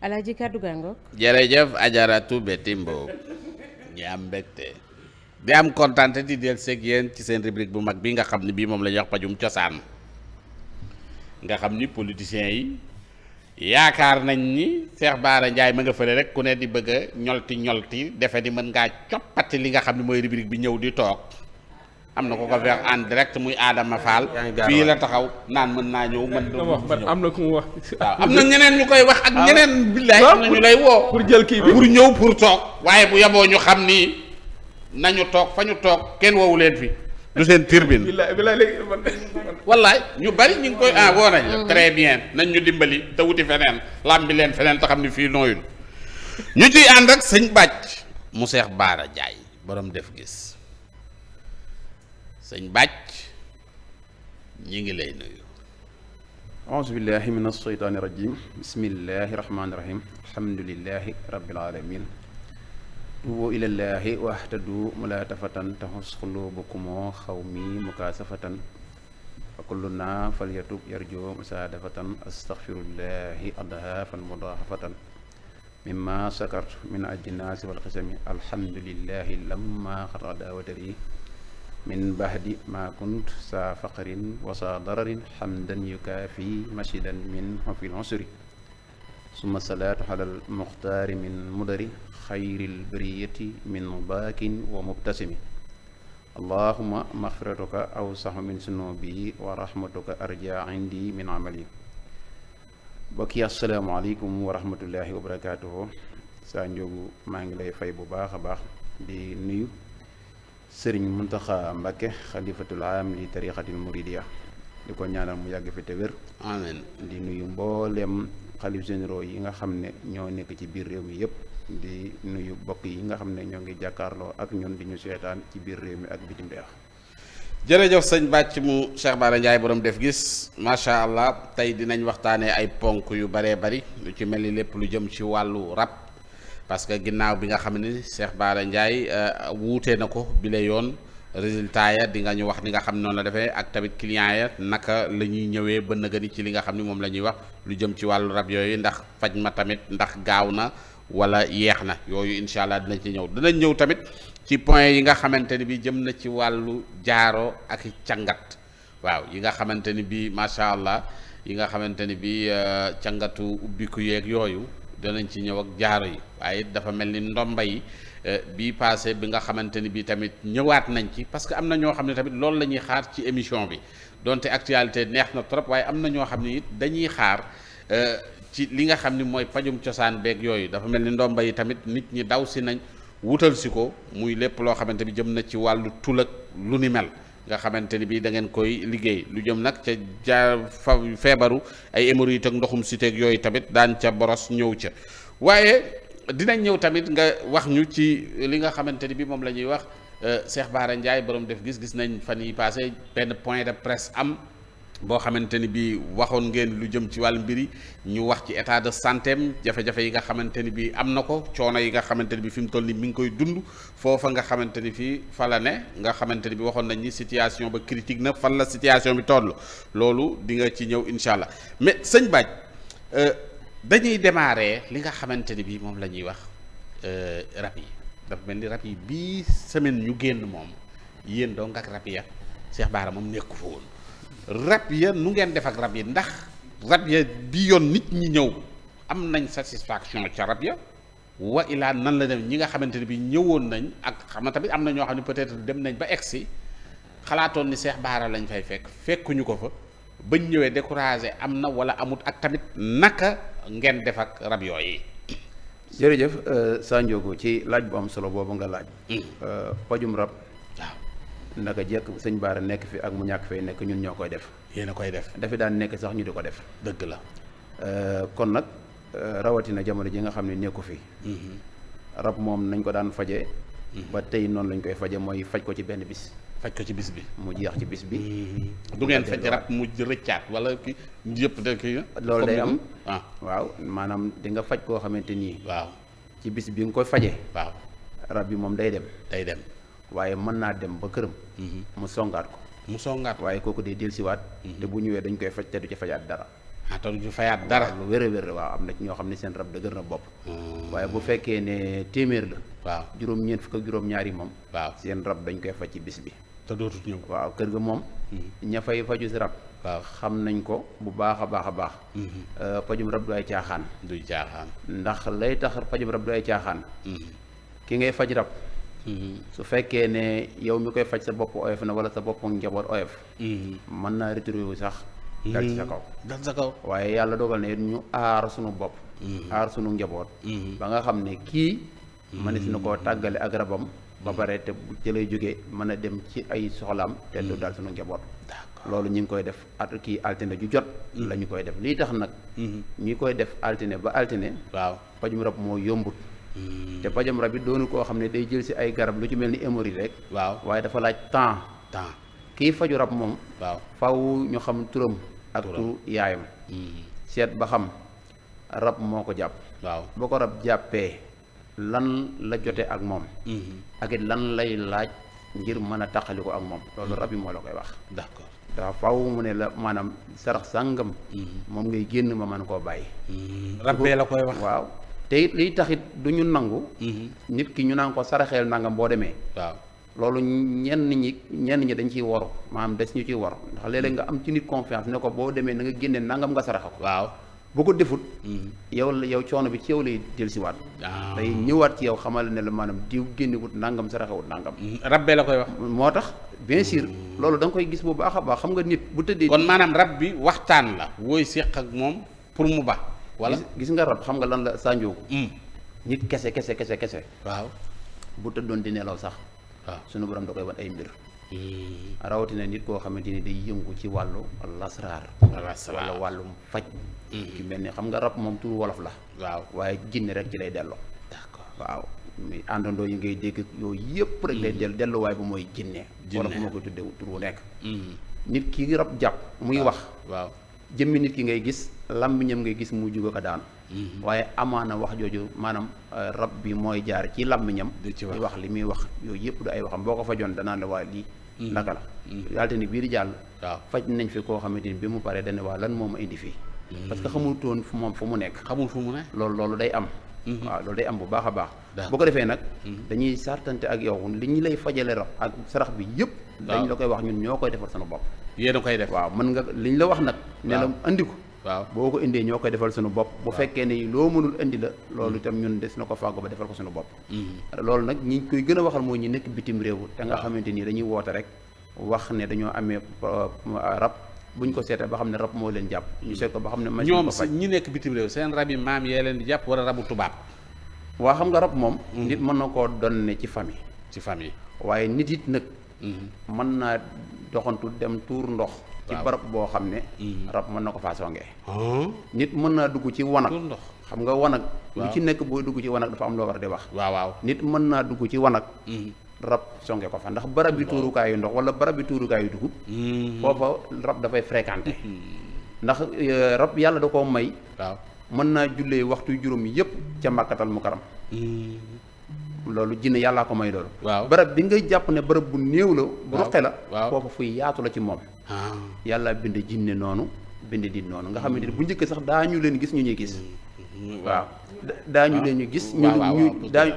Alaaji kàddu gàngoog jërëjëf ajaratu Betty Mbow ñu am mbégte di am kontaan di del seeg yéen ci seen rubrique bu mag bi nga xam ne bii moom la ñuy wax pajum cosaan nga xam ni politiciens yi yaakaar nañ ni Cheikh Bara njaay ma nga fële rek ku ne di bëgg a ñolti ñolti defe ni mën ngaa coppati li nga xam ne mooy rubrique bi ñëw di toog am na ko ko feex en direct muy Adama Fall. fii la taxaw naan mën naa ñëw mën. na am na ku mu wax. am na ñeneen ñu koy wax ak ah. ñeneen. billaay am na ñu lay woo. pour jël kii pour ñëw pour toog. waaye bu yaboo ñu xam ni nañu toog fa ñu toog kenn woowu leen fi. du seen turbine. billaay billaay léegi man. ñu bari ñu ngi koy ah mm. woo nañ. Mm. très bien nañ ñu dimbali te wuti feneen lam bi leen feneen te xam ni fii nooyul ñu ciy ànd ak sëñ bàcc mu seex Baara Jaay borom def gis. sëñ bàcc ñi ngi lay nuyu aousubillahi min alsheytaani irajim bismillahi irahmaaniirahim alhamdulilahi rabilalamin tubu ilallaahi wahtadu mulaatafatan taxus xulubukumoo xaw mi mukaasafatan fa kullu naa fal yatub musaadafatan astaxfirullahi adhaafan mudaaxafatan mimma sakart min ajnaasi wal xisami lamma xata daawatari min bahdi ma kunt saa faqrin wa saa dararin xamdan yukaafi masjidan min xofil usri summa salaatu alal muxtaari min mudari xayril bariyati min mubaakin wa mubtasimi allahuma maxfiratuka aw saxu min sunubi wa rahmatuka arja indi min amali bokki asalaamaaleykum wa rahmatullahi wa barakaatuhu saa njóogu maa ngi lay fay bu baax a baax di nuyu sëriñ Muntaxa Mbàkke xalifatul aam li tariqatil muridiya di ko ñaanal mu yàgg fi te wér di nuyu mboolem xalif généraux yi nga xam ne ñoo nekk ci biir réew mi yëpp di nuyu bokk yi nga xam ne ñoo ngi jàkkaarloo ak ñun di ñu seetaan ci biir réew mi ak bitim réew jërëjëf sëñ bàcc mu Cheikh Bara Ndiaye borom def gis macha allah tey dinañ waxtaanee ay ponk yu baree bari lu ci mel ni lépp lu jëm ci wàllu rab parce que ginnaaw bi nga xam ne Cheikh Bara Ndiaye euh, wuute na ko bi yoon résultat ya di nga ñu wax ni nga xam noonu la defee ak tamit client ya naka la ñuy ñëwee gën nëgëni ci li nga xam ne moom la ñuy wax lu jëm ci wàllu rab yooyu ndax faj ma tamit ndax gaaw na wala yeex na yooyu incha allah dinañ ci ñëw dinañ ñëw tamit ci point yi nga xamante ni bi jëm na ci wàllu jaaro ak càngat waaw yi nga xamante ni bi macha allah yi nga xamante ni bi euh, càngatu ubbiku yeeg yooyu nañ ci ñëw ak jaaro yi waaye dafa mel ni ndomba yi eh, bii passé bi nga xamante ni bii tamit ñëwaat nañ ci parce que am na ñoo xam ne tamit loolu la ñuy xaar ci émission bi donte actualité neex na trop waaye am na ñoo xam ne it dañuy xaar eh, ci li nga xam ni mooy pajum cosaan beeg yooyu dafa mel ni ndomba yi tamit nit ñi daw si nañ wutal si ko muy lépp loo xamante bi jëm na ci wàllu tulak lu ni mel nga xamante ni bii da ngeen koy liggéey lu jëm nag ca ja feebaru ay hémorroïdes ak ndoxum siteeg yooyu tamit daan ca boros ñëw ca waaye dinañ ñëw tamit nga wax ñu ci li nga xamante ni bi moom la ñuy wax euh, Cheikh Bara Ndiaye borom def gis gis nañ fan yi passé benn point de presse am boo xamante ni bii waxoon ngeen lu jëm ci wàllu mbiri ñu wax ci état de santé am jafe-jafe yi nga xamante ni bii am na ko coono yi nga xamante ni bi fi mu toll ni mu ngi koy dund foofa nga xamante ni fii fa ne nga xamante ni bi waxoon nañ ni situation ba critique na fan la situation bi toll loolu di nga ci ñëw incha allah mais sëñ Baaj euh, dañuy démarrer li nga xamante ni bii moom la ñuy wax euh, rab yi dafa mel ni rab yi bii semaine ñu génn moom yéen donc ak rab ya Cheikh Bara moom nekku fa woon rab ya nu ngeen def ak rab yi ndax rab ya bi yoon nit ñi ñëw am nañ satisfaction ca rab ya wa ilaa nan la dem ñi nga xamante ne bi ñëwoon nañ ak xam na tamit am na ñoo xam ne peut-être dem nañ ba egsi xalaatoon ni Cheikh Bara lañ fay fekk fekkuñu ko fa bañ ñëwee découragé am na wala amut ak tamit naka ngeen def ak rab yi jërëjëf euh, Sa Ndiogou ci laaj bu am solo boobu nga laaj. Mm. Euh, pajum rab. naka jekk sëñ Baara nekk fii ak mu ñàkk fay nekk ñun ñoo koy def. yéen a koy def dafi daan nekk sax ñu di ko def. dëgg la. Euh, kon nag euh, rawatina jamono ji nga xam ne nekku fi. Mm-hmm. rab moom nañ ko daan faje mm-hmm. ba tey noonu lañ koy faje mooy faj ko ci benn bis. faj ko ci bis bi. mu jeex ci bis bi. Mm-hmm. du ngeen faj rab mu wala ki yëpp da loolu day am ah. waaw maanaam di nga faj koo xamante nii. waaw ci bis bi nga koy faje waaw rab bi moom day dem. day dem. waaye mën naa dem ba këram. Mhm. mu songaat ko. mu songaat waaye kooku dee day siwaat mhm. te bu ñëwee dañ koy faj te du ci fajaat dara. ah te du ci fajaat dara. lu waaw am na ci ñoo xam ne seen rab dëgër na bopp. Hmm. waaye bu fekkee ne téeméer la. waaw juróom-ñeent fukk ak juróom-ñaari moom. waaw seen rab dañ koy faj ci bis bi. te dootut ñëw waaw kër ga moom. Hmm. ña fay faju si rab. waaw xam nañ ko bu baax a baax a baax. Hmm. Euh, fajum rab du ay caaxaan. du caaxaan ndax lay tax fajum rab du ay caaxaan. ki ngay faj rab. Mm-hmm. su fekkee ne yow mi koy faj sa bopp oyof na wala sa bopp njaboot oyof mm-hmm. mën naa retrouver wu sax mm-hmm. dal ci sa kaw dal sa kaw waaye yàlla dogal na ñu aar sunu bopp aar sunu njaboot ba nga xam ne kii mënees na koo tàggale ak rabam ba pare te bu jëlee jóge mën a dem ci ay soxlaam te du dal sunu njaboot loolu ñu ngi koy def at kii altine ju jot la ñu koy def lii tax nag ñi koy def altine ba altine waaw pajum rab moo yombut te pajam rab it doonu koo xam ne day jël si ay garab lu ci mel ni hémorroïde rek. waaw waaye dafa laaj temps. temps kii faju rab moom. waaw faw ñu xam turam. ak turu yaayam. Mm-hmm. seet ba xam rab moo ko jàpp. waaw boo ko rab jàppee lan la jote ak moom. Mm-hmm. ak it lan lay laaj ngir mën a taxali ko ak moom. loolu rab yi moo la koy wax. d'accord. faw mu ne la maanaam sarax sàngam. Mm-hmm. moom ngay génn ma mën koo bàyyi. rab la koy wax te it liy taxit du ñu nangu. Mhm. nit ki ñu naan ko saraxeel nangam boo demee. waaw loolu ñenn ñi ñenn ñi dañ ciy waru maanaam des ñu ciy waru ndax léeg-léeg nga am ci nit confiance ne ko boo demee na nga génne nangam nga saraxe ko. waaw bu ko defut. Mhm. yow la yow coono bi ci yow lay dellusiwaat. waaw ah. day ñëwaat ci yow xamal ne la maanaam diw génnewut nangam saraxewut nangam. Mhm. rabbee la koy wax. moo tax bien sûr mm. loolu da koy gis bu baax a baax xam nga nit bu tëddee. kon maanaam rab bi waxtaan la. wooy seq ak moom pour mu ba. wala gis nga rab xam nga lan la sànjoo ko hmm. nit kese kese kese kese waaw bu tëddoon di nelaw sax sunu suñu borom da koy wan ay mbir rawatina nit koo xamante ni day yëngu ci wàllu lasraar wala wàllum faj hmm. ki mel ni xam nga rab moom tur wolof la waaw waaye jinne rek ci lay delloo d'accord waaw muy àndandoo yi ngay dégg yooyu yëpp rek lay hmm. dellu delluwaay bu mooy jinne wolof moo koy tuddee tur wu nekk nit ki rab jàpp muy wax waaw jëmmi nit ki ngay gis làmmiñam ngay gis mu juga ko daanu mm-hmm. waaye amaana wax jooju maanaam euh, rab bi mooy jaar ci làmmiñam di wax li muy wax yooyu yëpp du ay waxam boo ko fajoon danaan la waa lii mm-hmm. ndaka la yaalte mm-hmm. bii di jàll waaw faj nañ fi koo xamante ni bi mu paree dane waa lan moom ma indi fii parce que xamutoon fu moom fu mu nekk xamul fu mu ne loolu loolu day am waaw loolu day am bu baax a baax boo ko defee nag dañuy sartante ak yow li ñu lay fajale rab ak sarax bi yëpp dañ la koy wax ñun ñoo koy defal sunu bopp yéen a koy def waaw mën nga li liñ la wax nag. ne la ko. waaw boo ko indee ñoo koy defal suñu bopp. bu fekkee ne loo mënul indi la. loolu itam ñun des na ko fàggu ba defal ko suñu bopp. Mm-hmm. loolu nag ñi koy gën a waxal mooy ñi nekk bitim réew. te nga xamante nii dañuy woote rek wax ne dañoo amee euh, rab. bu ñu ko seetee ba xam ne rab moo leen jàpp. ñu seet ko ba xam ne machine ñoom si ñi nekk bitim réew seen rab yi maam yee leen jàpp wala rabu tubaab. waa xam nga rab moom. Mm-hmm. nit mën na koo donne ci famille. ci famille waaye nit it nag. Mm-hmm. mën naa doxantu dem tuur ndox ci barab boo xam ne mm-hmm. rab mën na ko faa songee nit mën naa dugg ci wanag ndox xam nga wanag lu ci nekk booy dugg ci wanag dafa am loo war di wax waaw waaw nit mën naa dugg ci wanag mm-hmm. rab songe ko fa ndax barab bi tuurukaayu ndox wala barab bi tuurukaayu dugub foofa rab dafay fréquenté ndax euh, rab yàlla da koo may waaw mën naa jullee waxtu juróom yépp ca màkkatal mu karam loolu jinne yàllaa ko may doon waaw barab bi nga jàpp ne barab bu néew la bu roqe la foofu fuy yaatu la ci moom ah. yàlla bind jinne noonu bind di noonu nga xamante ne bu njëkk sax daa leen gis ñu ñuy gis mm-hmm. waaw daa ñu leen ñu gis ñu ñu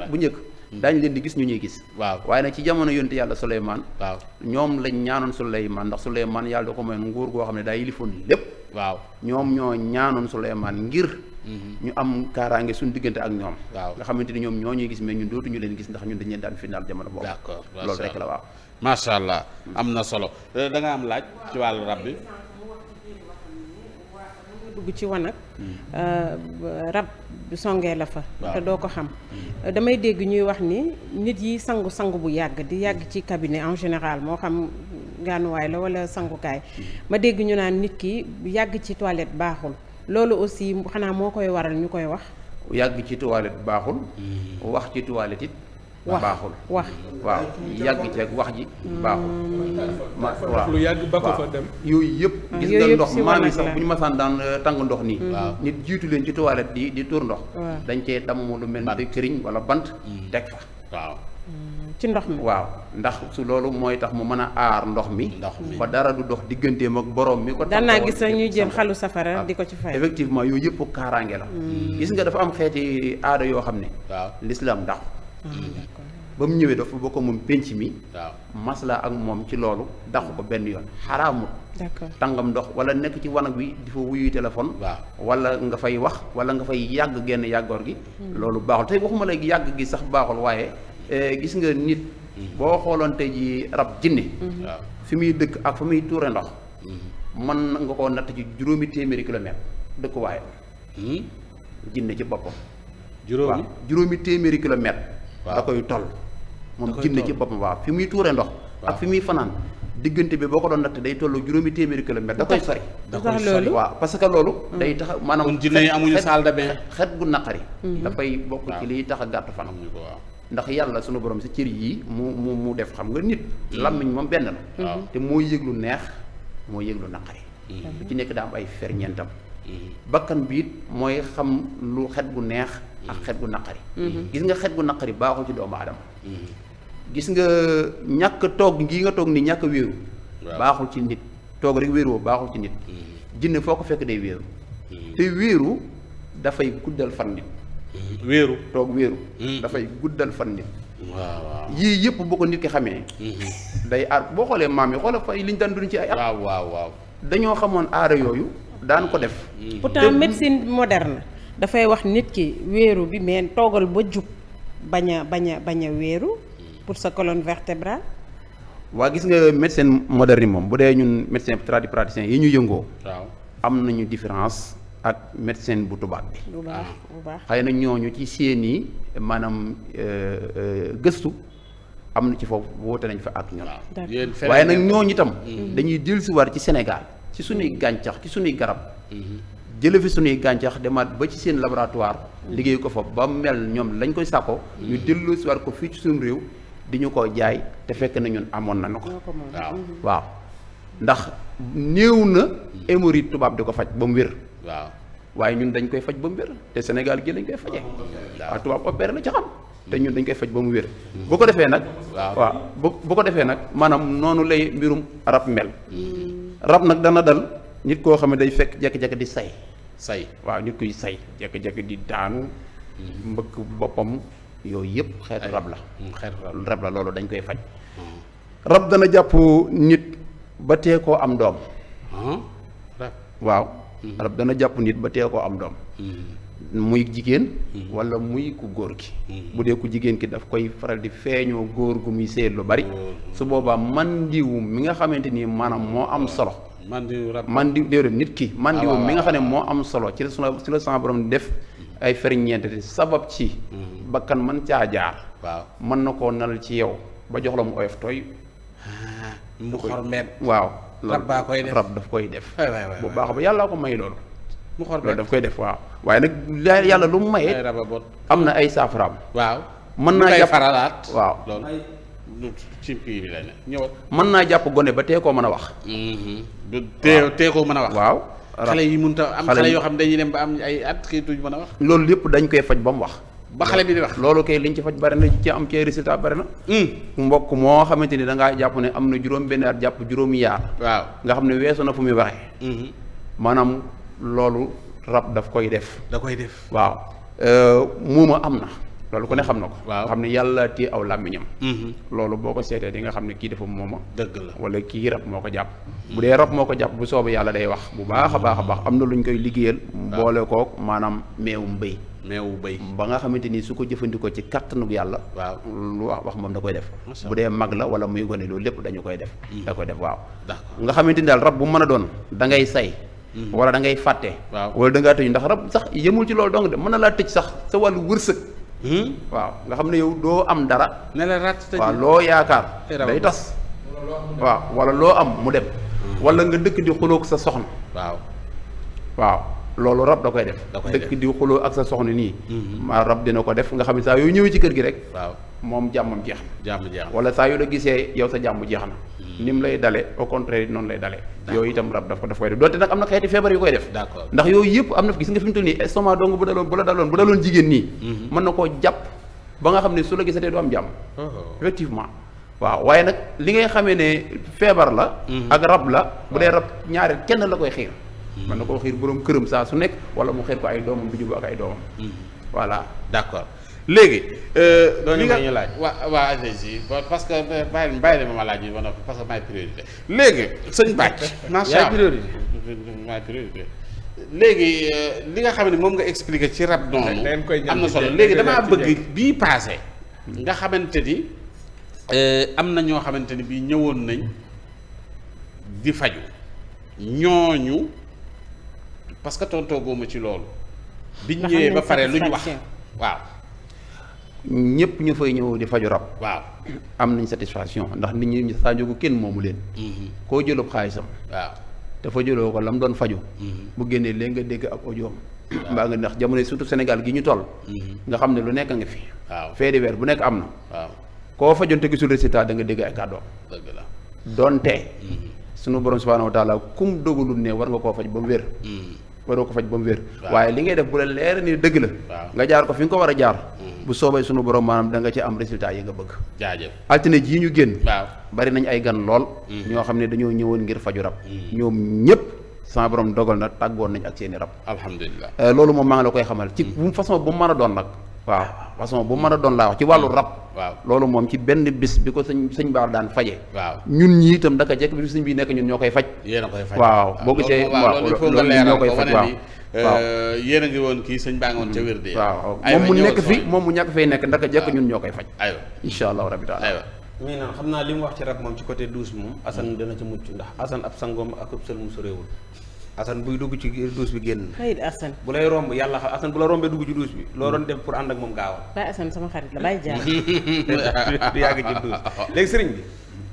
bu njëkk mm-hmm. daañu leen di gis ñu ñuy gis waaw waaye nag ci jamono yoon yonte yàlla Suleymaan waaw ñoom lañ ñaanoon Suleymaan ndax Suleymaan yàlla da ko mayoon nguur goo xam ne daa yilifoon lépp waaw ñoom ñoo ñaanoon Souleymane ngir mhm. ñu am kaaraange suñu diggante ak ñoom waaw nga xamante ni ñoom ñoo ñuy gis mais ñun dootuñu leen gis ndax ñu dañu leen daan final jamono boobu d'accord loolu rek la waaw macha allah am na solo euh, da nga am laaj ci wàllu rab bi dugg ci wanag mhm. euh, rab songee la fa te doo ko xam mhm. euh, damay dégg ñuy wax ni nit yi sangu sangu bu yàgg di yàgg ci cabinet en général moo xam gaanuwaay la walla sangukaay ma dégg ñu naan nit ki yàgg ci toilette baaxul loolu aussi xanaa moo koy waral ñu koy wax yàgg ci toilette baaxul mm. wax ci toilette it baaxul wax waaw yàgg ak wax ji baaxul mm. waaw lu yàgg ba ko yooyu yëpp mm. gis nga ndox maanaam sax bu ñu masaan daan euh, tàng ndox nii nit jiitu leen ci toilette di di tuur ndox dañ cee damm lu mel ni këriñ wala bant teg fa ci ndox mi waaw ndax su loolu mooy tax mu mën a aar ndox mi. ndox dara du dox digganteem ak borom mi. ko daan naa gis sax ñuy safara di ko ci fay. effectivement yooyu yëpp kaaraange la. Hmm. gis nga dafa am xeeti aada yoo xam ne. waaw l'islam ndax. Hmm. mu ñëwee dafa bokk moom penc mi. waaw masla ak moom ci loolu dàqu ko benn yoon xaraamut. d'accord tàngam ndox wala nekk ci wanag wi di fa wuyu téléphone. waaw wala nga fay wax wala nga fay yàgg genn yàggoor gi. Hmm. loolu baaxul te waxuma léegi yàgg gi sax baaxul waaye. Eh, gis nga nit. boo xooloon tey ji rab jinne mm-hmm. fi muy dëkk ak fa muy tuure ndox. man mm-hmm. nga koo natt ci juróomi téeméeri kilomètre dëkk waaye. Mm-hmm. jinne ci boppam. juróomi juróomi téeméeri kilomètre. da koy toll. moom jinne ci boppam waaw fi muy tuure ndox. ak fi muy fanaan diggante bi boo ko doon natt day toll juróomi téeméeri kilomètre da koy sori. da parce que loolu. Mm. day tax maanaam. kon jinne yi amuñu salle de bain xet gu naqari. dafay bokk ci liy tax a gàtt fanam. ndax yàlla sunu borom sa cër yii mu mu mu def xam nga nit. Hmm. làmmiñ moom benn la. te moo yëg lu neex moo yëg lu naqari. Hmm. lu ci nekk daa am ay ferñeentam. Hmm. bakkan biit mooy xam lu xet gu neex ak xet gu naqari. gis nga xet gu naqari baaxul ci doomu aadama. gis nga ñàkk toog ngii nga toog ni ñàkk wéeru. baaxul ci nit toog rek wéeru woo baaxul ci nit. jinne foo ko fekk day wéeru. te wéeru dafay guddal fan nit. Mm-hmm. wéeru toog wéeru mm-hmm. dafay guddal fan nit waaw yii yëpp boo ko nit ki xamee mm-hmm. day aar boo xoolee maam yi xoola fay li ñu daan dund ci ay at waaw dañoo xamoon aara yooyu daan ko def pourtant médecine moderne dafay wax nit ki wéeru bi mais toogal ba jub bañ a bañ bañ a wéeru pour sa colonne vertébrale waa gis nga médecine moderne moom bu dee ñun médecin tradipraticien yi ñu yëngoo waaw am nañu différence ak médecin bu tubaab bi. bu baax bu baax xëy na ñooñu ci seeni maanaam euh, euh, gëstu am na ci foofu woote nañ fa ak ñoom. waaye nag ñooñu itam. Mm-hmm. dañuy si war ci Sénégal ci sunuy mm-hmm. gàncax ci sunuy garab. Mm-hmm. jële fi sunuy gàncax demaat ba ci seen laboratoire. liggéey ko fa ba mel ñoom lañ koy sàkko ñu war ko fii ci suñu réew. di ñu ko jaay te fekk na amoon na ko. waaw waaw ndax néew na émorite tubaab di ko faj ba mu wér. waaw waaye ñun dañ koy faj ba mu wér te Sénégal gi lañ koy fajee. waaw ah, tubaab opéré la ci xam. te ñun dañ koy faj ba mu wér. Hmm. bu ko defee nag. waaw bu bu ko defee nag maanaam noonu lay mbirum rab mel. Hmm. rab nag dana dal nit koo xam ne day fekk jékki-jékki di say. say waaw nit kuy say jékki-jékki di daanu. Hmm. mbëkk boppam yooyu yëpp xeetu rab la. xeetu rab la loolu dañ koy faj. rab dana jàpp nit ba tee koo am doom. waaw. Mm-hmm. rab dana jàpp nit ba tee koo am doom mm-hmm. muy jigéen mm-hmm. wala muy ku góor ki bu dee ku jigéen ki daf koy faral di feeñoo góor gu muy seet lu bari su boobaa mandiwu mi nga xamante ni maanaam moo am solo mandiwu rab mandiwu nit ki ah, mandiwu mi nga xam ne moo am solo ci su ci la sama borom def ay ferñeent sabab ci bakkan man caa jaar waaw mën na koo nal ci yow ba jox la mu oyof tooy ah, waaw rab baa koy rab daf koy def bu baax ba yàlla ko may loolu mu xor loolu daf koy def waaw waaye nag yàlla lu mu mayee am na ay saafaraam waaw mën naa jàpp faralaat waaw ci kii bi lay ne ñëwal mën naa jàpp gone ba tee koo mën a wax mm-hmm. du tee koo mën a wax waaw xale yi mun mënta am xale yoo xam dañuy dem ba am ay at kii duñ mën a wax loolu lépp dañ koy faj ba mu wax ba xale bi di wax loolu kay liñ ci faj bari na ci am ci résultat bari na hmm. mbokk moo xamante ni dangay jàpp ne am na juróom benn at jàpp juróom yaar waaw nga xam ne weesu na fu muy waxee hmm. maanaam loolu rab daf koy def da koy def waaw euh, muuma am loolu ku ne xam na ko waaw xam ne yàlla téye aw làmmiñam hmm. loolu boo ko seetee di nga xam ne kii dafa mooma dëgg la wala kii rab moo ko jàpp bu dee rab moo ko jàpp bu soobee yàlla day wax bu baax a baax baax am na lu ñu koy liggéeyal boole kook maanaam meewum béy meewu béy ba nga xamante ni su ko jëfandikoo ci kattanug yàlla waaw lu wax wax moom da koy def bu dee mag la wala muy gone loolu lépp dañu koy def hmm. da koy def waaw nga xamante ni daal rab bu mën a doon da say hmm. wala da ngay fàtte wala da ngaa tëj sax yemul ci loolu donc de mën na laa tëj sax sa wàllu wërsëg hmm. waaw nga xam ne yow doo am dara ne la rat waaw loo yaakaar day tas waaw wala loo am mu dem wala nga dëkk di xuloog sa soxna waaw waaw loolu rab da koy def dëkk di xuloo ak sa soxna nii mhm. ma rab dina ko def nga xam ne saa yoo ñëwee ci kër gi rek waaw moom jàmmam jeex na wala saa yu la gisee yow sa jàmm jeex na mhm. ni mu lay dale au contraire noonu lay dale yooyu itam rab daf ko daf koy def doonte nag am na xeeti feebar yu koy def ndax yooyu yëpp am na gis nga fi mu toll nii estomac dong bu daloon bu la daloon bu daloon jigéen nii mhm. mën na koo jàpp ba nga xam ne su la gisatee du am jàmm oh. effectivement waaw waaye nag li ngay xamee ne feebar la ak rab la bu dee rab ñaareel kenn la koy xiir man mm-hmm. na koo xiir boroom këram saa su nekk wala mu xiir ko ay doomam bi juboo ak ay doomam mm-hmm. voilà d'accord léegi euh, li nga ñu laaj waa waa agsi parce que euh, bàyyi bàyyi ma laaj yi ba noppi parce que maay léegi sëñ bàcc macha allah maay priorité léegi euh, li nga xam ne moom nga expliqué ci rab noonu am na solo léegi damaa bëgg bii passé nga xamante ni am na ñoo xamante ni bii ñëwoon nañ di faju ñooñu parce que tontoo ma ci loolu. biñ ñëwee ba pare lu ñu wax waaw. ñëpp ñu fay ñëw di faju rab. waaw am nañ satisfaction ndax nit ñi Sa Ndiogou kenn moomu leen. Mm-hmm. koo jëlub xaalisam. waaw dafa jëloo ko la mu doon faju mm-hmm. bu génnee léegi nga dégg ak audio mbaa nga ndax jamono surtout senegal gi ñu toll. Mm-hmm. nga xam ne lu nekk nga fi. waaw fee di weer bu nekk am na. waaw koo te gisul résultat da nga dégg ay kàddoom. donte. sunu borom subhaanahu wa taala kum dogalul ne war nga koo faj ba mu wér. waroo ko faj ba mu wér waaye li ngay def bu la leer ni dëgg la nga jaar ko fi nga ko war a jaar mm-hmm. bu soobee sunu borom maanaam danga nga ci am résultat yi nga bëgg jaajëf altine jii ñu génn bari nañ ay gan lool mm-hmm. ñoo xam ne dañoo ñëwoon ngir faju rab mm-hmm. ñoom ñëpp sama borom dogal na tàggoon nañ ak seen i rab alhamdulilah euh, loolu moom maa ngi la koy xamal ci bu façon bu mu mën doon nag waaw façon bu mën a doon laa wax ci wàllu rab. waaw loolu moom ci benn bis bi ko sëñ sëñ Baar daan faje waaw ñun ñi itam daka jekk bi sëñ bi nekk ñun ñoo koy faj. yéen a koy faj waaw boo gisee. waaw loolu ñoo koy faj euh, woon kii sëñ baa ngi woon ca mm. waaw moom mu nekk fi moom mu ñàkk fay nekk ndaka jekk ñun ñoo koy faj. aywa incha allahu rabi taala xam naa li mu wax ci rab moom ci côté douze moom. Assane dana ci mucc ndax Assane ab sangoom ak ab sël mu soreewul Assane buy dugg ci douche bi génn. xëy Assane. bu lay romb yàlla xam Assane bu la rombee dugg ci douche bi. loo doon def pour ànd ak moom gaawal. bàyyi Assane sama xarit la bàyyi jaar. ci douche bi.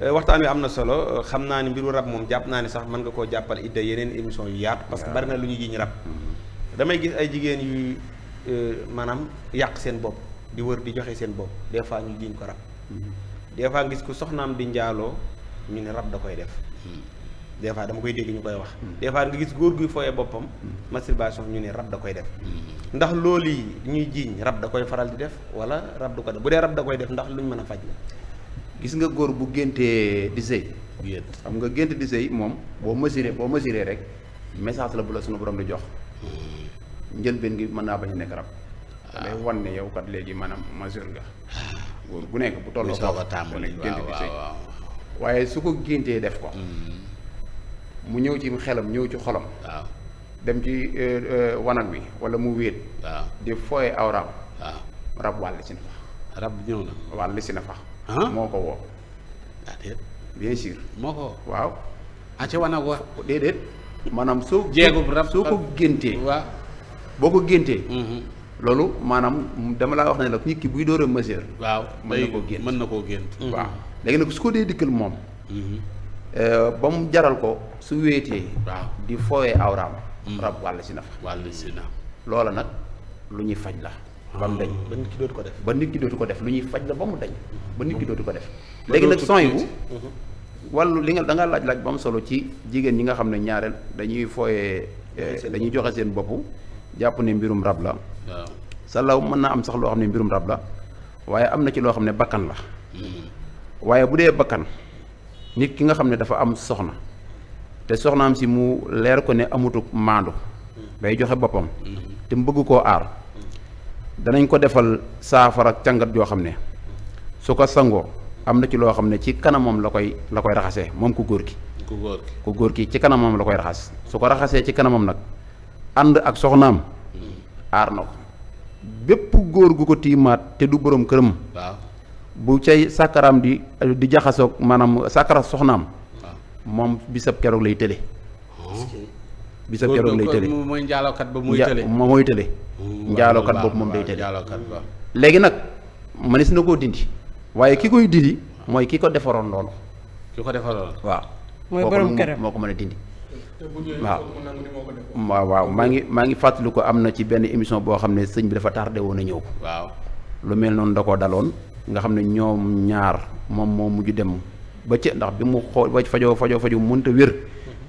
Euh, waxtaan wi am na solo xam naa ni mbiru rab moom jàpp naa ni sax mën nga koo jàppal idda yeneen émission yu yaatu. parce que bari na lu ñuy jiñ rab. damay gis ay jigéen yuy euh, maanaam yàq seen bopp di wër di joxe seen bopp des fois ñu jiñ ko rab. Hmm. des fois gis ko soxnaam di njaaloo ñu ne rab da koy def. Hmm. des fois dama koy dégg ñu koy wax. Hmm. des nga gis góor guy fooyee boppam. Hmm. masturbation ñu ne rab da koy def. Hmm. ndax loolu yi ñuy jiiñ rab da koy faral di def wala rab du ko def bu dee rab da koy def ndax luñ mën a faj la. gis nga góor bu géntee di sëy xam nga gént di sëy moom boo mesuré boo mesuré rek message la bu la suñu borom di jox. njëlbeen gi mën naa bañ a nekk rab. lay ah. wan ne yow kat léegi maanaam mesure nga. góor bu nekk bu tolloo. bu soog a waaye su ko géntee def ko. mu ñëw ci xelam ñëw ci xolam. dem ci euh, euh, wanag wi wala mu wéet. waaw di fooye aw rab. waaw rab wàll si na fa. rab ñëw na. wàll si na fa. moo ko woo. Ah, bien moo ko waaw. ah ca wanag wa déedéet. maanaam soo. jéegub rab soo ko géntee. boo ko géntee. Mm-hmm. loolu maanaam dama laa wax ne la nit ki buy door a waaw mën na mën na koo gént. waaw mm-hmm. léegi nag su ko dee dikkal moom. Mm-hmm. Euh, ba mu jaral ko su wéetee. di foowee awraam. Mm. rab wàll si na fa. loola nag lu ñuy faj la. ba mu dañ ba nit ki dootu ko def. ba nit dootu ko def lu ñuy faj la ba mu dañ. ba nit ki dootu ko def. léegi nag son yu. Mm-hmm. wallu li nga da laaj laaj ba mu solo ci jigéen ñi nga xam ne ñaareel dañuy fooyee eh, dañuy joxe seen bopp jàpp ne mbirum rab la. waaw mën naa am sax loo xam ne mbirum rab la waaye am na ci loo xam ne bakkan la. Mm-hmm. waaye bu dee bakkan. nit ki nga xam ne dafa am soxna te soxnaam si mu leer ko ne amutuk maandu bay joxe boppam te mu bëgg koo aar danañ ko defal saafara càngat joo xam ne su ko sangoo am na ci loo xam ne ci kanamam la koy la koy raxasee moom ku góor ki ku ku góor ki ci kanamam la koy raxas su ko raxasee ci kanamam nag ànd ak soxnaam mm. aar na ko bépp góor gu ko tiimaat te du borom këram waaw bu cay sàkkaraam di di jaxasoog maanaam sàkkara soxnaam moom bisab keroog lay tële oh. bisab keroog lay tële mooy njaalokat ba mooy moom mooy tële njaalokat boobu moom day tële léegi nag mënees na koo dindi waaye ki koy dindi mooy ki ko defaroon loolu ki ko defaroon waaw mooy borom këram moo ko mën a dindi waaw waaw maa ngi maa ngi fàttaliku am na ci benn émission boo xam ne sëñ bi dafa tardé woon a ñëw waaw lu mel noonu da koo daloon nga xam ne ñoom ñaar moom moo mujj dem ba ci ndax bi mu xool ba fajoo fajoo fajoo mënta wér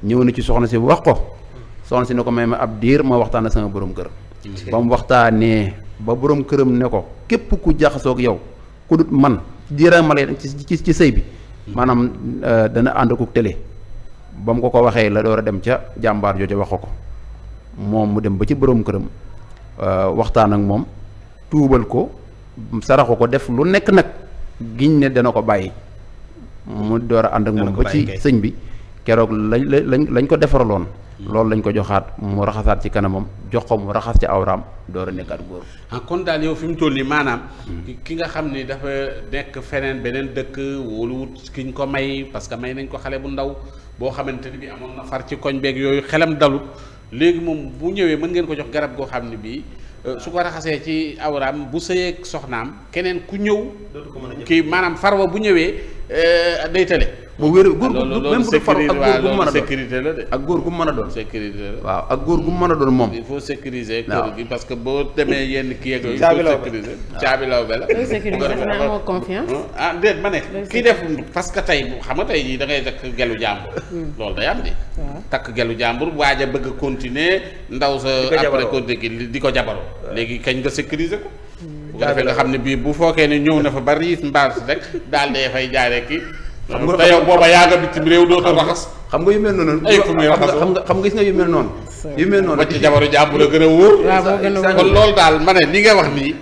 ñëw na ci soxna si wax ko soxna si ne ko may ma ab diir ma waxtaan ak sama borom kër ba mu waxtaanee ba borom këram ne ko képp ku jaxasoog yow ku dut man diramale ci ci sëy bi maanaam euh, dana ànd ko télé ba ko ko waxee la door a dem ca jàmbaar jooju wax ko moom mu dem ba ci borom këram euh, waxtaan ak moom tuubal ko saraxu ko def lu nekk nag giñ ne dana ko bàyyi mu door a ànd ak moom ba ci sëñ bi keroog lañ lañ lañ ko defaraloon hmm. loolu lañ ko joxaat mu raxasaat ci kanamam jox ko mu raxas ci awraam door a nekkaat góor ah, kon daal fi mu toll nii maanaam hmm. ki nga xam ne dafa nekk feneen beneen dëkk wóoluwut kiñ ko may parce que may nañ ko xale bu ndaw boo xamante ni bi amoon na far ci koñ beeg yooyu xelam dalut léegi moom bu ñëwee mën ngeen ko jox garab goo xam ne bii Euh, su ko raxasee ci awram bu sëyeeg soxnaam keneen ku ñëw kii maanaam farwa bu ñëwee Eh, day tële. bu wér góor gu ah, même bu faru ak góor gu a doon sécurité la de. ak góor gu mën a doon. sécurité la waaw ak góor gu mën a doon moom. il faut sécuriser kër parce que boo demee yenn kii ak yooyu. caabi be la caabi law be la. loolu sécurité dina amoo confiance. ah déet def parce que tey xam nga tey jii da ngay takk gelu jàmbur. Hmm. loolu day am de. takk gelu jàmbur waaj a bëgg a continuer ndaw sa. di ko jabaroo di ko jabaroo léegi kañ nga sécuriser ko. bu ko defee nga xam ne bii bu fookee ne ñëw na fa ba riis mbaas rek daal dee fay jaaree kii. xam nga booba yaa nga bitim réew dootoo raxas. xam nga yu mel noonu. ay fu muy raxas xam nga xam nga gis nga yu mel noonu. yu mel ma li nga wax nii.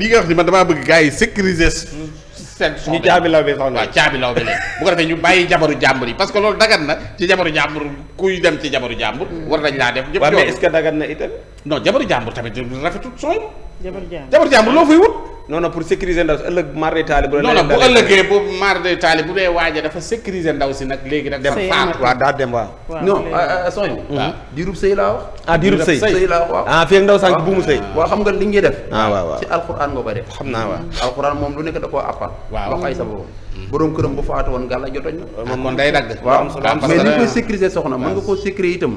li damaa bëgg gars yi sécuriser. Mm. seen soxla ñu caabi law bi soxla waaw caabi law bi defee ñu bàyyi jabaru jàmbur yi parce que loolu dagan na ci jabaru jàmbur kuy dem ci jabaru jàmbur. war nañ laa def. ñëpp mais est-ce que dagan na itam. non jabaru jàmbur tamit rafetul sooy. jabaru jàmbur loo fay wut non non pour sécuriser ndaw si ëllëg maar day taali bu non non bu ëllëgee bu maar day taali bu dee waaja dafa sécuriser ndaw si nag léegi nag dem faatu waaw daa dem waaw non ah, ah, sooy mhm. ah. diirub sëy laa wax ah diirub sëy sëy laa wax waaw ah ndaw sànq bu mu sëy waaw xam nga li ñuy def ah waaw waaw ci alquran nga koy def xam naa waaw mm-hmm. alquran moom lu nekk da koo appal waaw wax ay sababam mm-hmm. borom këram bu faatu woon gàlla jotoñ na moom day dagg waaw mais li koy sécuriser soxna man nga koo sécuriser itam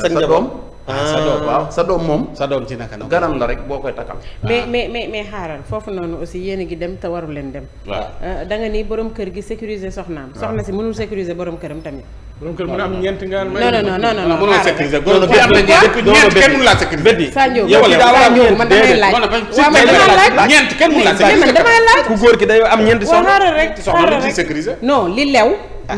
sa euh, doom Ah, sa doom sa doom moom. sa doom ci naka ganam la rek boo koy takkal. mais mais mais mais xaaral foofu noonu aussi yéen a dem te waru leen dem. waaw euh, da nga ni borom kër gi sécuriser soxnaam. soxna si mënul sécuriser boroom këram tamit. borom kër mën a am ñeent nga. non non non non non ah, mënoo sécuriser góor bi am na ñeent kenn mënu laa sécuriser. bëddi Sadio Sadio man damay laaj. waaw man damay laaj ñeent kenn mënu laa sécuriser. man damay laaj ku góor ki day am ñeenti soxna. waaw xaaral lew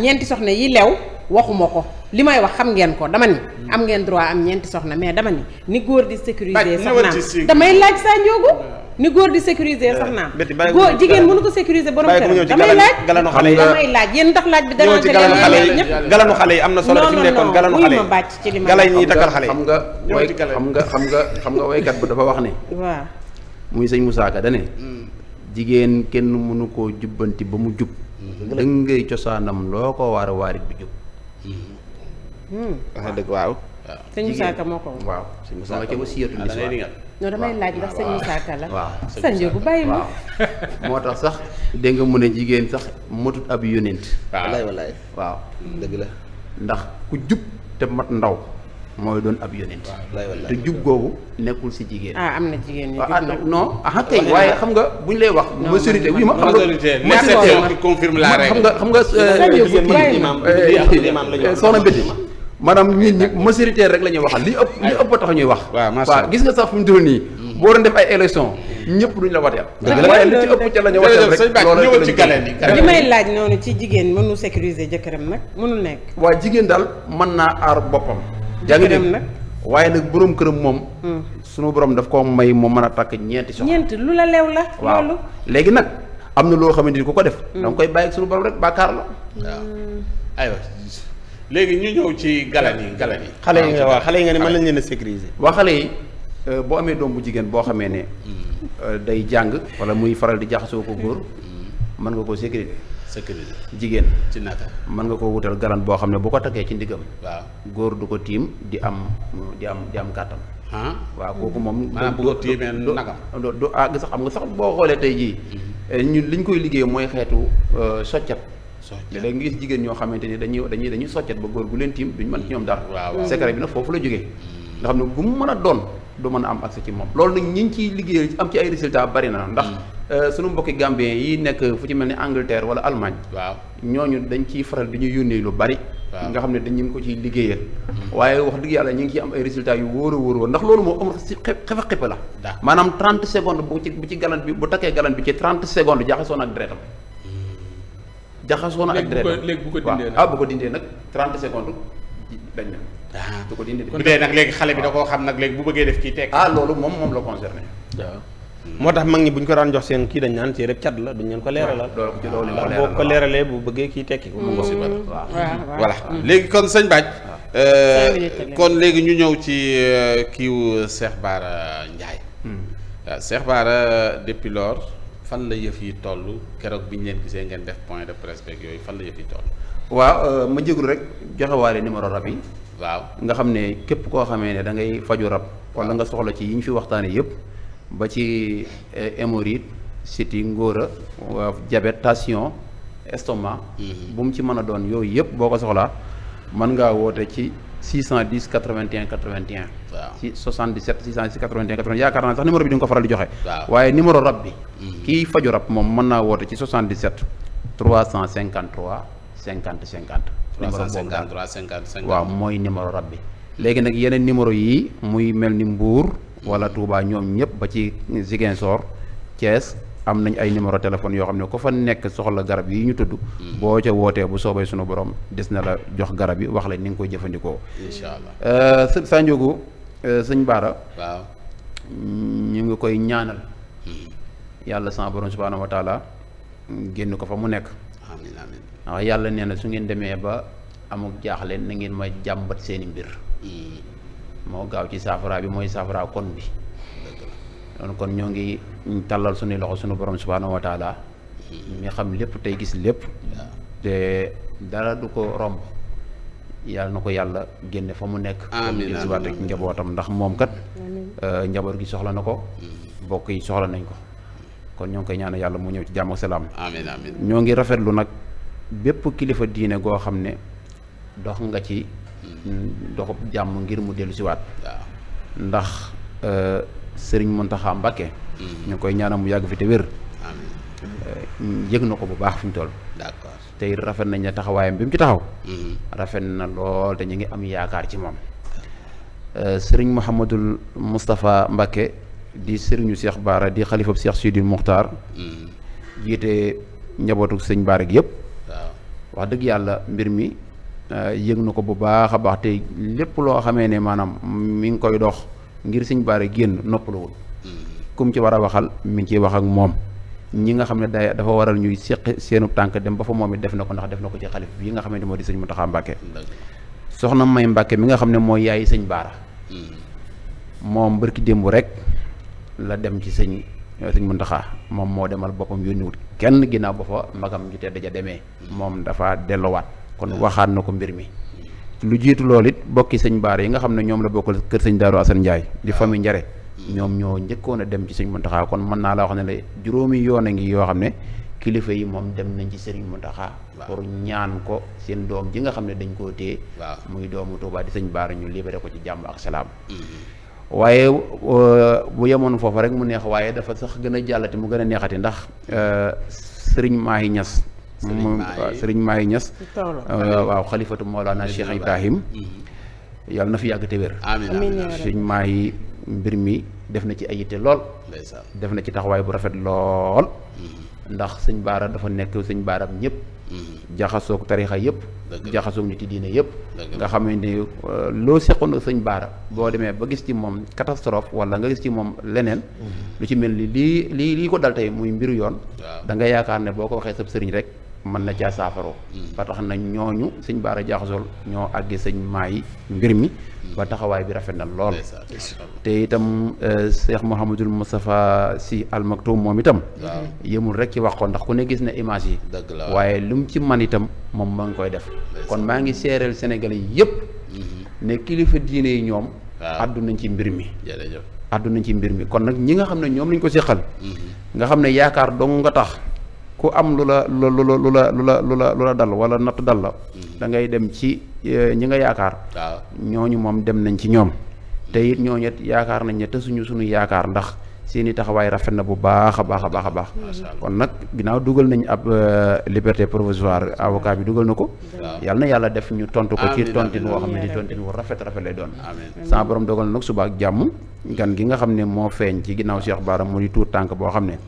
ñeenti soxna yi lew waxuma ko li may wax xam ngeen ko dama ni. Hmm. am ngeen droit am ñeenti soxna mais dama ni ni góor di sécuriser. soxnaam damay laaj saa njóogu hmm. ni góor di sécuriser hmm. soxnaam. góor jigéen mënu ko sécuriser borom kër damay laaj galanu xale yi damay laaj yéen ndax laaj bi dana te galanu xale yi galanu xale yi am na solo fi mu nekkoon galanu xale yi bàcc ci li ma galay ñuy takkal xale yi xam nga xam nga xam nga xam nga waykat bu dafa wax ne waaw muy sëñ Moussa Ka dane jigéen kenn mënu koo jubbanti ba mu jub da ngay cosaanam loo ko waar waarit bi jub wax na dëgg waaw. waaw sëñ Moussa Ka moo ko waaw sëñ Moussa Ka moo ci da ngay dingal. non damay laaj ndax sëñ Moussa Ka la. waaw sëñ Ndiogou bàyyi ma. moo tax sax dégg nga mu ne jigéen sax matut ab yónent. waaw waaw dëgg la. ndax ku jub te mat ndaw. mooy doon ab yonent te jub googu nekkul si jigéen. ah am na jigéen ñu ah, jub ah, non ah kay waaye xam nga buñ lay wax. majorité wi ma xam nga xam nga xam euh, nga. Euh, soxna Béti maanaam ñun ñi rek la ñuy waxal li ëpp li ëpp tax ñuy wax waaw gis nga sax fi mu toll nii boo doon def ay élection ñëpp duñ la wateel li ci ëpp ca la ñu wateel rek loolu ci galeen yi li may laaj noonu ci jigéen mënu sécuriser jëkkëram nag mënul nekk waa jigéen daal man naa aar boppam yaa ngi dégg nag waaye nag boroom këram moom hmm. sunu borom daf ko may moo mën a takk ñeenti soxna ñeent lu la leew la waaw léegi nag am na loo xamante ni ku ko def hmm. da nga koy bàyyi sunu borom rek bàkkaar la hmm. waaw léegi ñu ñëw ci galan yi galan yi. xale yi nga waaw xale yi nga ne mën nañ leen a sécuriser. waa xale yi euh, boo amee doom bu jigéen boo xamee ne hmm. euh, day jàng wala muy faral di jaxasoo ko góor hmm. mën nga koo sécuriser. sécuriser jigéen. ci naka mën nga ko wutal galan boo xam ne bu ko takkee ci ndigam. waaw góor du ko tiim di am di am di am kàttan. ah waaw kooku moom. maanaam bu ko tiimee nagam du ah sax xam nga sax boo xoolee tey jii. Hmm. ñun li ñu koy liggéey mooy xeetu euh, soccat. léeg-léeg nga gis jigéen ñoo xamante ni dañuy dañuy dañuy soccet ba góor gu leen tiim duñ mën ci ñoom dara secret bi nag foofu la jóge nga xam ne bu mu mën a doon du mën a am accès ci moom loolu nag ñi ngi ciy liggéey am ci ay résultats bari na ndax hmm. euh, suñu mbokki gambien yi nekk fu ci mel ni Angleterre wala Allemagne waaw ñooñu dañ ciy faral di ñuy yónnee lu bari nga xam ne dañ ñu ko ciy liggéeyal hmm. waaye wax dëgg yàlla ñu ngi ciy am ay résultat yu wóor a ndax loolu moo amul si xefa xefa la maanaam 30 secondes bu ci bu ci galant bi bu takkee bi ci 30 secondes jaaxasoo nag deretam jaxasoo na ak. dërët léegi bu ko dindee nag ah bu ko dindee nag 30 secondes dañ na. ah ko dindee bu dee nag léegi xale bi da koo xam nag léegi bu bëggee def kii teg. ah loolu moom moom la concerné. moo tax mag ñi buñ ko daan jox seen kii dañ naan ci rek cat la duñ leen ko leeralal. loolu ci loolu boo ko leeralee bu bëggee kii tekki ko. Mm. waaw waaw voilà mm. léegi kon sañ Baaj. Euh, kon léegi ñu ñëw ci euh, kiiw Cheikh Bara Ndiaye. Mm. Euh, Cheikh baara depuis lors fan la yëf yi toll keroog bi ñu leen gisee ngeen def point de presse beeg yooyu fan la yëf yi toll. waaw euh, ma jéglu rek joxewaale numéro rab yi. waaw nga xam ne képp koo xamee ne da ngay faju rab. wala nga soxla ci yi ñu fi waxtaanee yëpp ba ci eh, hémorroïde siti ngóora waa diabète tension estomac. Mm-hmm. bu mu ci mën a doon yooyu yëpp boo ko soxla mën ngaa woote ci. 610 81 81. waaw si 77 610 81 81 yaakaar naa sax numéro bi di ko faral di joxe. waaye numéro rab bi. Mhm. kii faju rab moom mën naa woote ci 77 353 50 50. numéro boobu daal 353 50 50. waaw mooy numéro rab bi. léegi nag yeneen numéro yi muy mel ni Mbour. wala tuubaa ñoom ñëpp ba ci Ziguinchor Thiès. am nañ ay numéro téléphone yoo xam ne ko fa nekk soxla garab yi ñu tudd mm. boo ca wootee bu soobee sunu borom des na la jox garab yi wax la ni ngi koy jëfandikoo incha allah euh, sëñ Sanjoogu euh, sëñ ñu ngi koy ñaanal mm-hmm. yàlla sama borom subhaanahu génn ko fa mu nekk amiin amiin ndax yàlla nee na su ngeen demee ba amuk jaaxle na ngeen ma jàmbat seeni mbir mm-hmm. moo gaaw ci saafara bi mooy saafara kon bi loolu kon ñoo ngi tàllal suñuy loxo sunu borom subhaanahu wa taala xam lépp tey gis lépp te dara du ko romb yàlla na ko yàlla génne fa mu nekk gisiwaat njabootam ndax moom kat euh, njaboot gi soxla na ko mm. mbokk yi soxla nañ ko kon ñoo koy ñaan yàlla mu ñëw ci jàmm ak salaam amiin amiin ñoo ngi rafetlu nag bépp kilifa diine goo xam ne dox nga ci mm. doxub jàmm ngir mu dellu siwaat ndax euh, sëriñ Mountakha Mbacké mm-hmm. ñu koy ñaanam mu yàgg fi te wér. Eh, yëg na ko bu baax fi mu toll. d'accord rafet nañ ne taxawaayam bi mu ci taxaw. Mm-hmm. rafet na lool dañu ngi am yaakaar ci moom. Eh, sëriñ Mouhamadul Moustapha Mbacké di sëriñu Cheikh Baara di xalifa xalifab Cheikh Sidil Muxtaar. Mm-hmm. jiite njabootu sëñ Baara gi yëpp. wax dëgg yàlla mbir mi eh, yëg na ko bu baax a baax te lépp loo xamee ne maanaam mi ngi koy dox. ngir sëñ baara génn noppalawul kum ci war a waxal mi ngi ciy wax ak moom ñi nga xam ne day dafa waral ñuy seq seenu tànk dem ba fa moom it def na ko ndax def na ko ci xalif yi nga xamante moo di sëñ Muntaxa Mbàkke soxna may Mbàkke mi nga xam ne mooy yaayi sëñ baara moom bërki démb rek la dem ci sëñ sëñ Muntaxa moom moo demal boppam yónniwut kenn ginnaaw ba fa magam ju tedd daja demee moom dafa delluwaat kon waxaat na ko mbir mi lu jiitu loolu it bokki sëñ baara yi nga xam ne ñoom la bokkal kër sañ daaru asan njaay di famille njare ñoom ñoo njëkkoon a dem ci sëñ muntaxaa kon mën naa la wax ne la juróomi yoon a ngi yoo xam ne kilifa yi moom dem nañ ci sëriñ muntaxaa pour ñaan ko seen doom ji nga xam ne dañ koo téye muy doomu tuubaat di sëñ baar ñu libéré ko ci jàmm ak salaam mm-hmm. waaye euh, bu yemoon foofu rek mu neex waaye dafa sax gën a jàllati mu gën a neexati ndax euh, sëriñ maahi ñas moom waaw Serigne Mahi Niass euh, waaw xalifatu Mawlana Cheikh Ibrahim mhm. yàlla na fi yàgg te wér Serigne Mahi mbir mi def na ci ay yitte lool def na ci taxawaay bu rafet lool mhm. ndax sëñ baara dafa nekk sëñ baaram ñëpp mhm. jaxasoog tarixa yëpp jaxasoog nit yi diine yëpp nga xam ne euh, loo seqoon ak sëñ baara boo demee ba gis ci moom catastrophe walla nga gis ci moom leneen lu ci mel ni lii lii lii ko dal tey muy mbiru yoon da nga yaakaar ne boo ko waxee sab sëriñ rek man na caa saafaroo mm. ba tax na ñooñu sëñ baara jaaxasol ñoo àgge sëñ maay mbir mi ba taxawaay bi rafet na lool te itam euh, Cheikh Mouhamadul Moustapha si almaktoum moom itam yëmul rek ci wax ko ndax ku ne gis na image yi waaye lu mu ci man itam moom maa ngi koy def kon maa ngi seereel sénégalais yépp mm-hmm. ne kilifa diine yi ñoom addu nañ ci mbir mi addu nañ ci mbir mi kon nag ñi nga xam ne ñoom lañ ko séqal mm-hmm. nga xam ne yaakaar dong nga tax ku am lu la lu la lu la lu la lu la lu la dal wala natt dal la mm-hmm. da ngay dem ci e, ñi nga yaakaar ñooñu moom dem nañ ci ñoom te it ñooñu it yaakaar nañ ne te suñu suñu yaakaar ndax seen seeni taxawaay rafet na bu baax a baax a baax a kon nag ginnaaw dugal nañ ab e, liberté provisoire avocat bi dugal na ko yàlla na yàlla def ñu tontu ko ci tontin woo xam ne di tontin wu rafet rafet lay doon sama borom dogal na nag suba ak jàmm gan gi nga xam ne moo feeñ ci ginnaaw Cheikh Bara mu di tuur tànk boo xam ne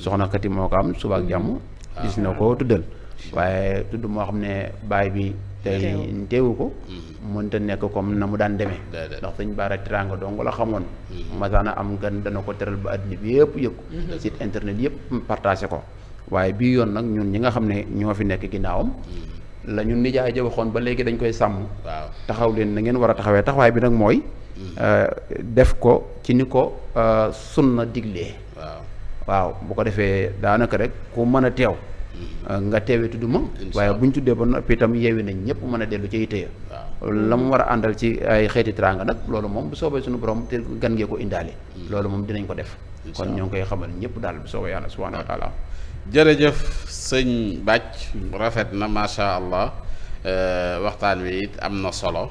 soxna kati moo ko am suba ak jàmm. Ah. gis na ko tuddal. waaye tudd moo xam ne baay bi. tey teewu ko. Mm-hmm. mënta nekk comme na mu daan demee. ndax sëñ Baara teraanga dong la xamoon. Mm-hmm. masaana am gan dana ko teral ba àddina bi yëpp yëg ko. Mm-hmm. site internet yëpp partagé ko. waaye bii yoon nag ñun ñi nga xam ne ñoo fi nekk ginnaawam. la ñun nijaay ja waxoon ba léegi dañ koy sàmm. waaw taxaw leen na ngeen war a taxawee taxawaay bi nag mooy. Euh, def ko ci ni ko euh, sunna diglee. waaw bu ko defee daanaka rek ku mën a teew mm-hmm. nga teewee tudd ma waaye bu ñu tuddee ba noppi itam yeewi nañ ñëpp mën a dellu ci yitte la mu war a àndal ci ay xeeti teraanga nag loolu moom bu soobee suñu borom te gan ngee ko indaale mm-hmm. loolu moom dinañ ko def kon ñoo ngi koy xamal ñëpp daal bu soobee yàlla subhaanahu wa taala jërëjëf sëñ Bàcc rafet na macha allah eh, waxtaan wi it am na solo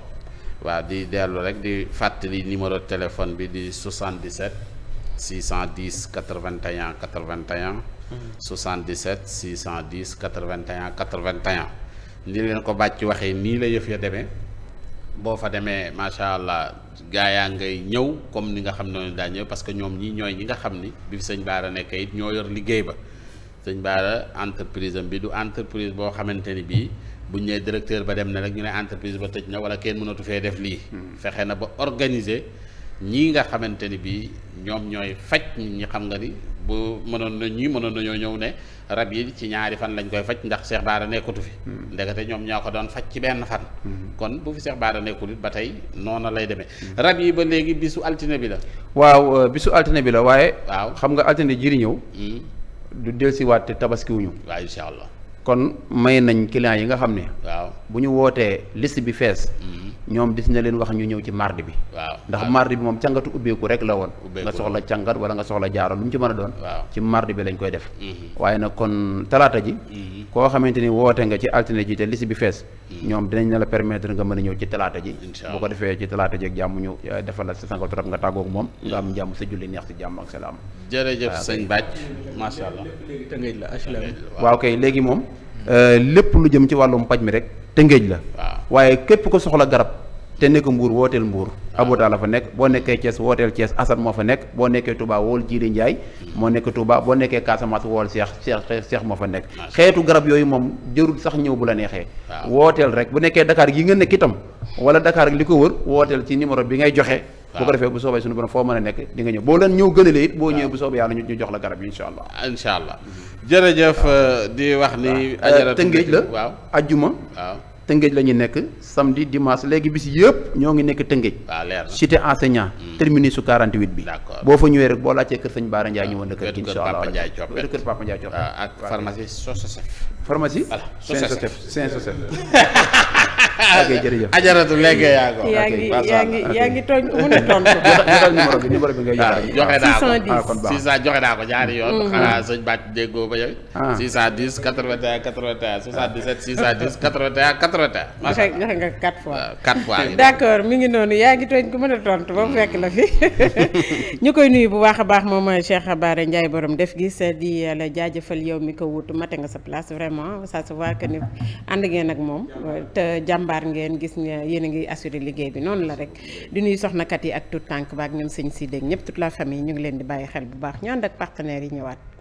waa di dellu rek di fàttali numéro téléphone bi di 77 610 81 81. 77 610 81 81. ni leen ko bàcc waxee nii la yëf ya demee boo fa demee macha allah gaa yaa ngay ñëw comme ni nga xam ne daa ñëw parce que ñoom ñi ñooy ñi nga xam ni bi fi sëñ Baara nekkee it ñoo yor liggéey ba sëñ Baara entreprise am bi du entreprise boo xamante ni bii. buñ nee directeur ba dem na rek ñu ne entreprise ba tëj na wala kenn mënatu fee def lii. Hmm. fexe na ba organiser. ñii nga xamante ni bii ñoom ñooy faj ñi xam nga ni bu mënoon na ñii mënoon nañoo ñëw ne rab yi ci ñaari fan lañ koy faj ndax Cheikh Bara nekkatu fi. Hmm. ndekete ñoom ñoo ko doon faj ci benn fan. Hmm. kon bu fi Cheikh Bara nekkul it ba tey noona lay demee. Hmm. rab yi ba léegi bisu altine bi la. waaw euh, bisu altine bi la waaye. waaw xam nga altine jiri ñëw. du dellusiwaat te tabaskiwuñu wuñu. waaw allah. kon may nañ clients yi nga xam ne. bu ñu wootee liste bi fees. Mm-hmm. ñoom dis na leen wax ñu ñëw ci mardi bi. waaw ndax mardi bi moom càngatu ubbeeku rek la woon. nga soxla càngat wala nga soxla jaaro lu mu ci mën a doon. ci mardi bi lañ koy def. Mm-hmm. waaye nag kon talaata ji. Mm-hmm. koo xamante ni woote nga ci altine ji te liste bi fees. ñoom dinañ la permettre nga mën a ñëw ci talaata ji. bu ko defee ci talaata ji ak jàmm ñu eh, defal la sa sangatu rab nga tàggoog moom. nga am jàmm sa julli neex si jàmm ak salaam. jërëjëf sëñ Bac macha allah. waaw kay léegi moom Euh, lépp lu jëm ci wàllum paj mi rek Tëngéej la waaye képp ko soxla garab te nekk Mbuur wooteel Mbuur Abota la fa nekk boo nekkee Thiès wooteel Thiès Assane moo fa nekk boo nekkee Touba wool Jiili Njaay moo nekk Touba boo nekkee Casamance wool Seex Seex Seex moo fa nekk xeetu garab yooyu moom jërul sax ñëw bu la neexee wooteel rek bu nekkee dakaar gi nga nekk itam wala Dakar li ko wër wooteel ci numéro bi ngay joxee boo ko defee bu soobee suñu borom foo mën a nekk di nga ñëw boo leen ñëw gënalee it boo ñëwee bu soobee yàlla ñu jox la garab yi incha allah mm-hmm. jërëjëf euh, di wax ni ajara euh, tëngéej la waaw ajjuma waaw tëngéej la ñu nekk samedi dimanche léegi bis yëpp ñoo ngi nekk tëngéej. waaw ah, leer na cité enseignant. Hmm. terminus su 48 bi. d'accord boo fa ñëwee rek boo laajtee kër sëñ Baara Ndiaye ah, ñu woon kër. incha allah wetu kër ko. yaa ngi yaa ngi yaa ngi tooñ ku mën a tontu. joxe numéro bi numéro bi ngay ah, joxe daa ko trop joxe nga quatre fois. Euh, quatre fois d' accord mi ngi noonu yaa ngi tooñ ku mën a tontu ba fekk la fi ñu koy nuyu bu baax a baax moom Cheikh Bara Ndiaye borom def gis di euh, la jaajafal yow mi ko wut mate nga sa place vraiment ça se voit que ni ànd ngeen ak moom te jàmbaar ngeen gis nga yéen a ngi assuré liggéey bi noonu la rek di nuyu soxnakat yi ak tout tànk baak ñoom sëñ si dégg ñëpp toute la famille ñu ngi leen di bàyyi xel bu baax ñu ànd ak yi ñëwaat.